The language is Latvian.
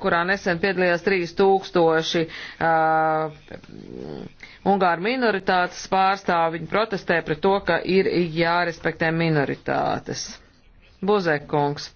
kurā nesen piedalījās 3000 uh, ungāru minoritātes pārstāvi. Viņi protestē pret to, ka ir jārespektē minoritātes. Buzekungs.